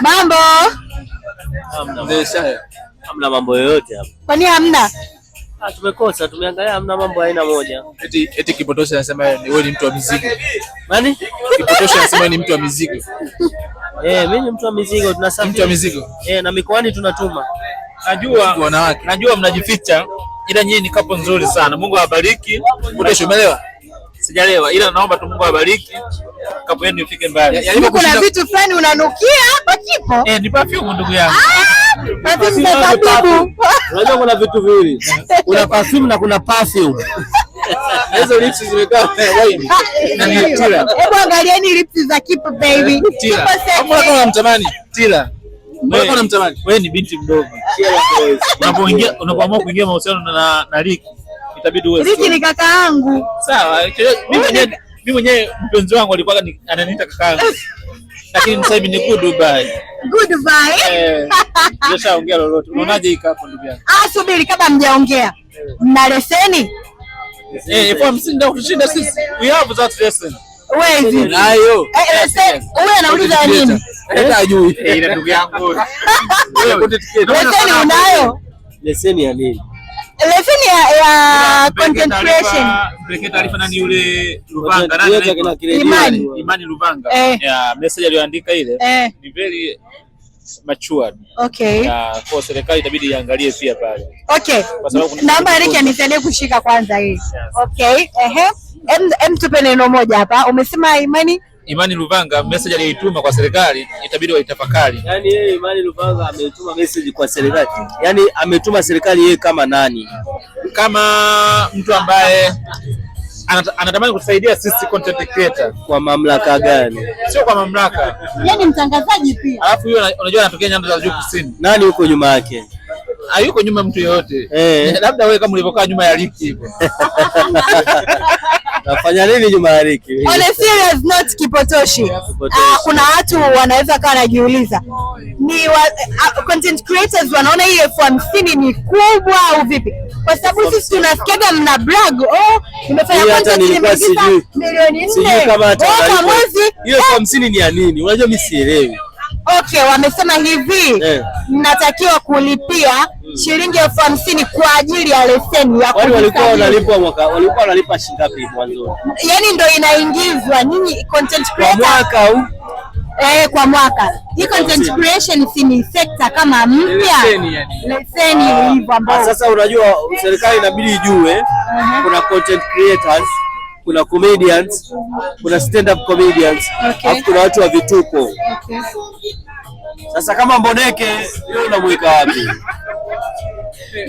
Mambo? Hamna mambo yoyote hapa. Kwa nini hamna? Ah, tumekosa, tumeangalia hamna mambo aina moja. Eti eti Kipotosha anasema wewe ni mtu wa mizigo. Nani? Kipotosha anasema ni mtu wa mizigo. Eh, mimi ni mtu wa mizigo, tunasafiri. Mtu wa mizigo. Eh, na mikoani tunatuma. Najua wanawake. Najua mnajificha ila nyinyi ni kapo nzuri sana. Mungu awabariki. umeelewa? sijalewa, ila naomba tu Mungu abariki kapu yenu ifike mbali. Yaani kuna vitu fulani unanukia hapo kipo. Eh, ni perfume ndugu yangu. Ah, unajua kuna vitu viwili. Kuna perfume na kuna perfume. Hizo lips zimekaa wine. Hebu angalieni lips za kipo baby. Kama Unamtamani Tila. Wewe ni binti mdogo. Unapoingia Unapoamua kuingia mahusiano na Ricky itabidi uwe Riki ni kaka yangu. Sawa, mimi mwenyewe mimi mwenyewe mpenzi wangu alikuwa ananiita kaka yangu. Lakini sasa hivi ni goodbye. Goodbye. Eh, ongea lolote. Unaonaje hiki hapo ndugu yangu? Ah, subiri kabla mjaongea. Eh. Mna leseni? Eh, ipo msingi ndio kushinda sisi. We have that lesson. Wezi. Nayo. Eh, leseni. Eh, wewe unauliza nini? Eh, hata ajui. Eh, ndugu yangu. Leseni unayo? Leseni ya nini? leseni ya, ya concentration content creation. Imani Imani Luvanga eh, ya message aliyoandika ile eh, ni very matured. Okay. Na kwa serikali itabidi iangalie pia pale. Okay. Naomba Eric anisaidie kushika kwanza hii. Yes. Okay. Ehe. Em, em tupe neno moja hapa. Umesema Imani Imani Luvanga message aliyoituma kwa serikali itabidi waitafakari. Yaani yeye Imani Luvanga ametuma message kwa serikali, yaani ametuma serikali yeye kama nani? Kama mtu ambaye anatamani kutusaidia sisi content creator. Kwa mamlaka gani? Sio kwa mamlaka, yeye ni mtangazaji pia. Alafu hiyo unajua anatokea nyanda za juu kusini. Nani huko nyuma yake? Hayuko nyuma mtu yoyote, eh. labda wewe kama ulivyokaa nyuma ya lift hivyo. Nafanya nini Jumaariki? On a serious note, kipotoshi. Ah, kuna watu wanaweza kawa najiuliza ni wa, uh, content creators wanaona hii elfu hamsini ni kubwa au vipi? Kwa sababu sisi tunasikiaga mna brag, oh, nimefanya content nimeingiza milioni nne kwa oh, mwezi. Hiyo elfu eh. hamsini ni ya nini? Unajua mimi sielewi. Okay, wamesema hivi, yeah. Mnatakiwa kulipia shilingi elfu hamsini kwa ajili ya leseni ya kwani. Walikuwa wanalipa mwaka, walikuwa wanalipa shilingi ngapi mwanzo? Yani ndo inaingizwa nyinyi content creator kwa mwaka huu eh, kwa mwaka hii content creation si ni sekta kama mpya leseni ah. hivyo, ambao ah, sasa unajua serikali inabidi ijue uh-huh. kuna content creators kuna comedians kuna stand up comedians okay. kuna watu wa vituko Sasa kama Mboneke yeye unamweka wapi?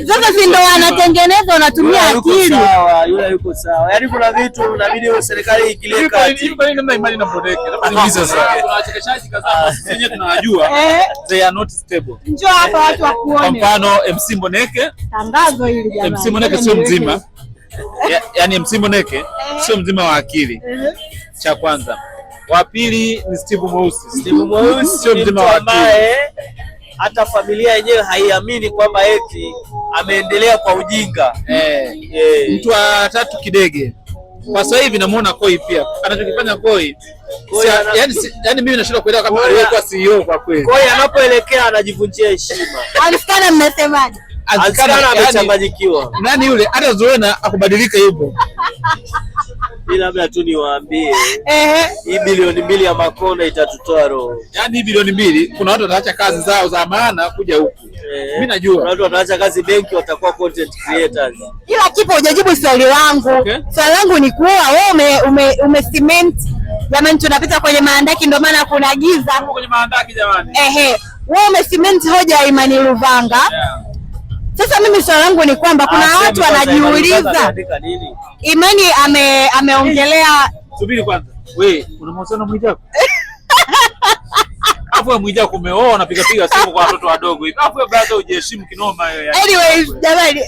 Sasa si ndo wanatengeneza wanatumia akili. Yule yuko sawa. Yaani kuna vitu inabidi serikali ikilie kati. Hivi kwa nini namna imani inapondeka? Labda ah, ni sasa. Kuna wachekeshaji kadhaa ah. wenyewe tunawajua. Eh? They are not stable. Njoo hapa watu wakuone. Kwa mfano MC Mboneke. Tangazo hili jamani. MC Mboneke sio mzima. Yaani MC Mboneke eh. sio mzima wa akili. Eh. Cha kwanza. Wa pili ni Steve Mweusi. Steve Mweusi sio mzima wa akili hata familia yenyewe haiamini kwamba eti ameendelea kwa ujinga eh, eh. Mtu wa tatu Kidege kwa sasa hivi namuona Koi pia anachokifanya Koi, yaani yaani mimi nashindwa kuelewa kama aliyekuwa CEO kwa kweli. Koi anapoelekea anajivunjia heshima. Alifikana mmesemaje? Alifikana amechanganyikiwa. Nani yule hata Zuena akubadilika hivyo. Mimi labda tu niwaambie eh, hii bilioni mbili ya Makonda itatutoa roho. Yaani hii bilioni mbili kuna watu wataacha kazi zao za maana kuja huku. eh. Mimi najua. Kuna watu wataacha kazi benki watakuwa content creators. Ila kipo hujajibu swali langu. Okay. Swali langu ni kuwa wewe ume, ume, ume cement jamani tunapita kwenye maandaki ndio maana kuna giza. Kwenye maandaki jamani. Ehe. Wewe ume cement hoja ya Imani Luvanga. Yeah. Sasa mimi swali langu ni kwamba kuna ah, watu wanajiuliza Imani ame, ameongelea subiri kwanza. Wewe una mahusiano mwijaku? Afu mwijaku umeoa unapiga piga simu kwa watoto wadogo hivi. Afu brother hujiheshimu kinoma wewe. Anyways, jamani.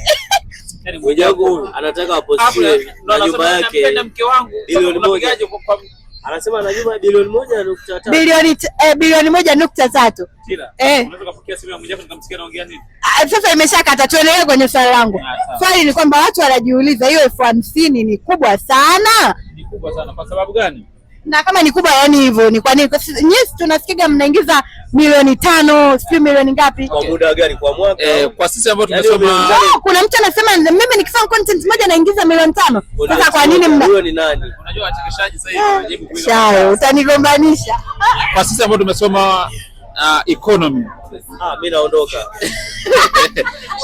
Yaani mwijaku anataka apostie na nyumba yake. Mke wangu. Ili unapigaje kwa Anasema anajua bilioni moja nukta tatu. Bilioni eh, bilioni moja nukta tatu. Eh. Ah, eh. Sasa imeshakata, tuendelee kwenye swali langu. Ah, swali ni kwamba watu wanajiuliza hiyo elfu hamsini ni kubwa sana. Ni kubwa sana kwa sababu gani? na kama ni kubwa yaani hivyo ni kwa nini? Kwa sababu nyinyi tunasikia mnaingiza milioni tano sio milioni ngapi kwa muda gani kwa mwaka? Eh, kwa sisi ambao yaani tumesoma, oh, kuna mtu anasema mimi nikifanya content moja naingiza milioni tano. Sasa kwa nini mna huyo ni nani? Unajua wachekeshaji sasa hivi wanajibu kwa utanigombanisha. Kwa sisi ambao tumesoma uh, economy. Ah, mimi naondoka.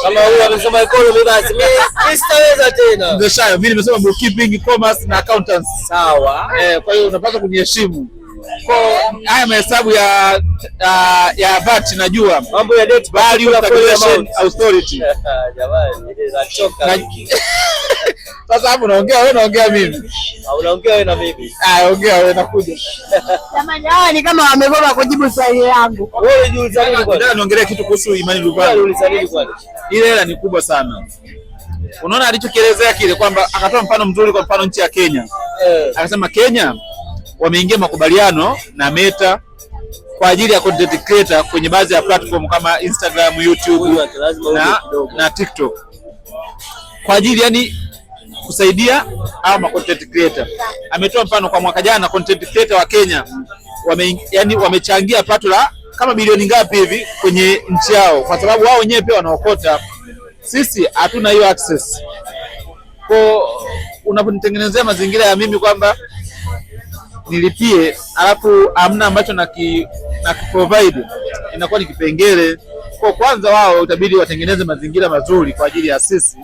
Kama huyu amesema economy basi mimi sitaweza tena. Ndio shayo, mimi nimesema bookkeeping, commerce na accountants. Sawa. Eh, kwa hiyo unapaswa kuniheshimu. Kwa haya mahesabu ya uh, ya VAT najua. Mambo ya debt value calculation authority. Jamani, nilizochoka. Sasa hapo unaongea wewe, unaongea mimi. Ah, unaongea wewe na mimi. Ah, ongea wewe nakuja. Jamani, hawa ni kama wamegoma kujibu swali yangu. Wewe ulijiuliza nini kwani? Ndio naongelea kitu kuhusu Imani Rubani. Wewe uliuliza nini kwani? Ile hela ni kubwa sana. Unaona alichokielezea kile kwamba akatoa mfano mzuri kwa mfano nchi ya Kenya. Eh. Akasema Kenya wameingia makubaliano na Meta kwa ajili ya content creator kwenye baadhi ya platform kama Instagram, YouTube na, na TikTok. Kwa ajili yani kusaidia ama content creator. Ametoa mfano kwa mwaka jana content creator wa Kenya wame, yani wamechangia pato la kama bilioni ngapi hivi kwenye nchi yao, kwa sababu wao wenyewe pia wanaokota. Sisi hatuna hiyo access. Kwa unaponitengenezea mazingira ya mimi kwamba nilipie alafu amna ambacho na ki, na ki provide inakuwa ni kipengele kwa kwanza, wao itabidi watengeneze mazingira mazuri kwa ajili ya sisi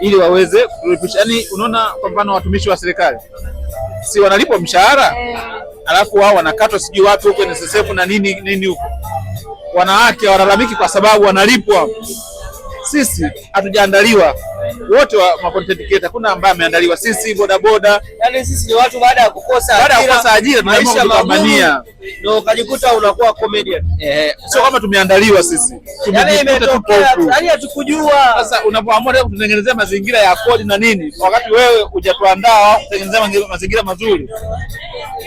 ili waweze kulipisha. Yani unaona, kwa mfano watumishi wa serikali si wanalipwa mshahara eh. alafu wao wanakatwa sijui wapi huko NSSF na nini nini huko. Wanawake walalamiki kwa sababu wanalipwa. Sisi hatujaandaliwa wote wa content creator, kuna ambaye ameandaliwa, sisi boda boda, yani sisi ni watu baada ya kukosa ajira, baada ya kukosa ajira tunaamua kupambania, ndio ukajikuta unakuwa comedian eh, sio kama tumeandaliwa sisi, tumejikuta yaani tupo huku, yani hatukujua. Sasa unapoamua leo kutengenezea mazingira ya kodi na nini, wakati wewe hujatuandaa kutengenezea mazingira mazuri,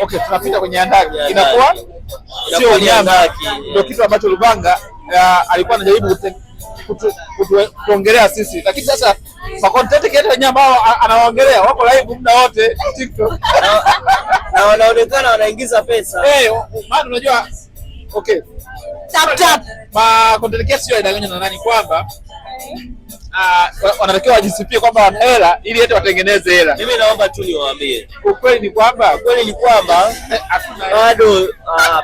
okay, tunapita kwenye andaki, inakuwa sio nyama, ndio kitu ambacho Lubanga eh, alikuwa anajaribu kutuongelea sisi, lakini sasa wenyewe ambao anawaongelea wako live muda wote TikTok na wanaonekana wanaingiza pesa. Eh, maana unajua okay, tap tap ma content creator sio na nani kwamba Uh, wanatakiwa wajisifie kwamba wana hela ili watengeneze hela. Mimi naomba tu niwaambie ukweli ni kwamba ni kwamba eh, bado, uh,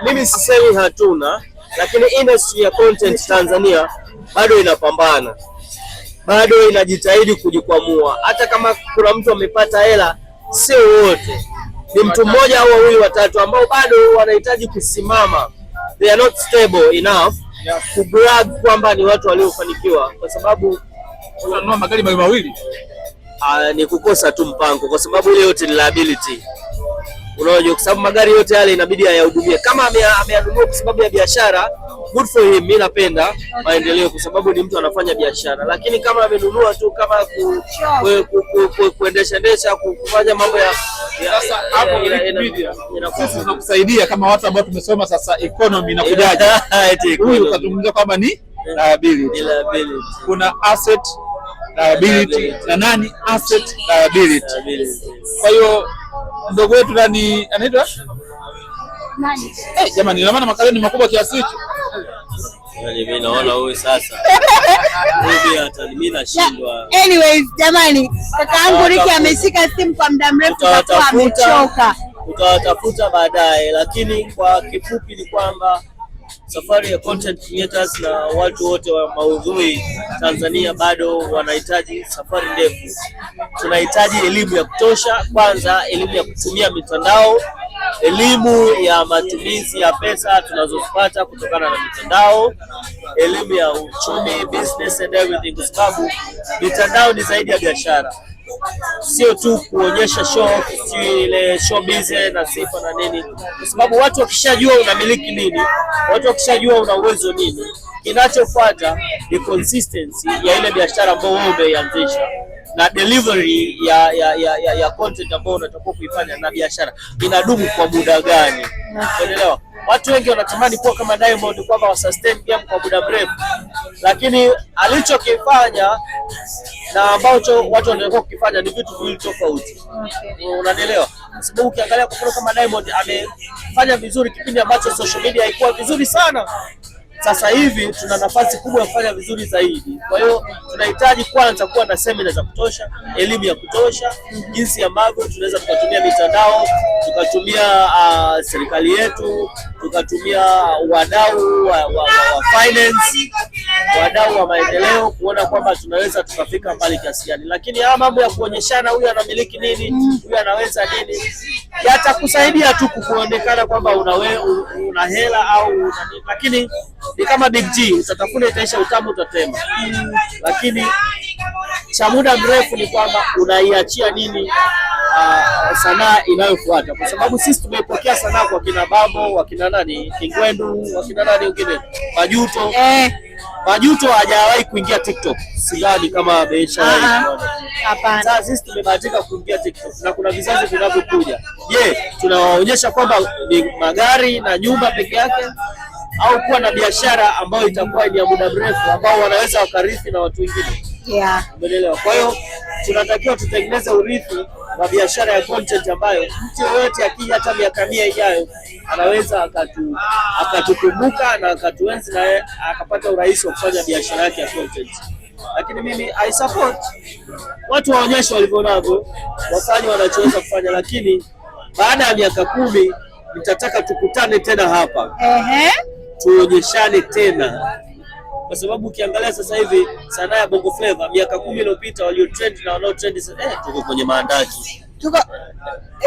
mimi sisemi hatuna, lakini industry ya content Tanzania bado inapambana, bado inajitahidi kujikwamua. Hata kama kuna mtu amepata hela, sio wote, ni mtu mmoja au wawili watatu ambao bado wanahitaji kusimama, they are not stable enough ku brag kwamba ni watu waliofanikiwa, kwa sababu wanunua magari mawili ah, ni kukosa tu mpango, kwa sababu ile yote ni liability unaojua, kwa sababu magari yote yale inabidi ayahudumie. Kama ameyanunua kwa sababu ya biashara good for him. Mimi napenda maendeleo kwa sababu ni mtu anafanya biashara, lakini kama amenunua tu kama kuendesha endesha kufanya mambo ya sasa, hapo sisi tunakusaidia kama watu ambao tumesoma sasa economy na kujaje, huyu katungumza kwamba eh, ni liability, kuna asset liability na nani asset liability. Kwa hiyo mdogo wetu nani anaitwa Jamani, eh, ina maana makalio ni makubwa kiasi hicho? Mimi naona huyu sasa. Mimi nashindwa. Anyways, jamani, kakaangu Ricky ameshika simu kwa muda mrefu kwa amechoka. Tutawatafuta baadaye, lakini kwa kifupi ni kwamba safari ya content creators na watu wote wa maudhui Tanzania bado wanahitaji safari ndefu. Tunahitaji elimu ya kutosha, kwanza elimu ya kutumia mitandao, elimu ya matumizi ya pesa tunazopata kutokana na mitandao, elimu ya uchumi, business and everything, kwa sababu mitandao ni zaidi ya biashara sio tu kuonyesha show ile show bize na sifa na nini, kwa sababu watu wakishajua unamiliki nini, watu wakishajua una uwezo nini, kinachofuata ni consistency ya ile biashara ambayo wewe umeianzisha na delivery ya ya, ya, ya, ya content ambayo unatakiwa kuifanya na biashara inadumu kwa muda gani? Unaelewa? Watu wengi wanatamani kuwa kama Diamond kwamba wa sustain game kwa muda mrefu, lakini alichokifanya na ambacho watu wanataka kukifanya ni vitu viwili tofauti. Okay. Unanielewa? sababu ukiangalia kwa kama Diamond amefanya vizuri kipindi ambacho social media haikuwa vizuri sana, sasa hivi tuna nafasi kubwa ya kufanya vizuri zaidi. Kwa hiyo tunahitaji kwanza kuwa na semina za kutosha, elimu ya kutosha, jinsi ambavyo tunaweza tukatumia mitandao, tukatumia uh, serikali yetu, tukatumia ah, wadau wa, wa, wa finance, wadau wa maendeleo kuona kwamba tunaweza tukafika mbali kiasi gani. Lakini haya mambo ya kuonyeshana huyu anamiliki nini, huyu anaweza nini, yatakusaidia tu kuonekana kwamba una hela au una nini, lakini ni kama Big G, utatafuna itaisha, utamu utatema. Lakini cha muda mrefu ni kwamba unaiachia nini uh, sanaa inayofuata, kwa sababu sisi tumepokea sanaa kwa kina Babo, wakina nani Kingwendu, wakina nani wengine Majuto eh. Majuto hajawahi kuingia TikTok, sidhani kama Beisha. Ah, ah. Hapana, sasa sisi tumebahatika kuingia TikTok na kuna vizazi vinavyokuja. Je, tunawaonyesha kwamba ni magari na nyumba peke yake au kuwa na biashara ambayo itakuwa ni ya muda mrefu ambao wanaweza wakarithi na watu wengine. Yeah. Umeelewa? Kwa hiyo tunatakiwa tutengeneze urithi wa biashara ya content ambayo mtu yoyote akija hata miaka mia ijayo anaweza akatu akatukumbuka na akatuenzi na akapata urahisi wa kufanya biashara yake ya content. Lakini mimi I support watu waonyeshe walivyonavyo, wafanye wanachoweza kufanya, lakini baada ya miaka kumi nitataka tukutane tena hapa. Ehe tuonyeshane tena, kwa sababu ukiangalia sasa hivi sanaa ya Bongo Flava miaka kumi iliyopita walio trend na wanao trend sasa, eh, tuko kwenye maandazi tuko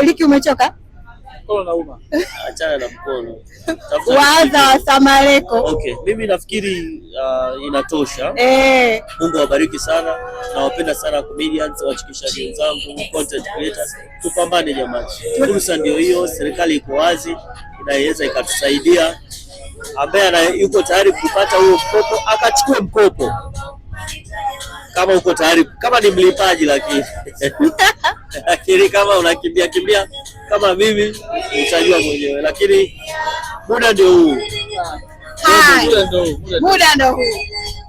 Eliki, eh, umechoka Achana na mkono waza wasamareko. Okay, mimi nafikiri uh, inatosha eh. Mungu awabariki sana, nawapenda sana comedians, wachekeshaji wenzangu, content creators. Tupambane jamani, fursa ndio hiyo, serikali iko wazi, inaweza ikatusaidia ambaye yuko tayari kupata huo mkopo akachukue mkopo, kama uko tayari, kama ni mlipaji, lakini lakini kama unakimbia kimbia kama mimi utajua mwenyewe, lakini muda ndio huu, muda ndio huu.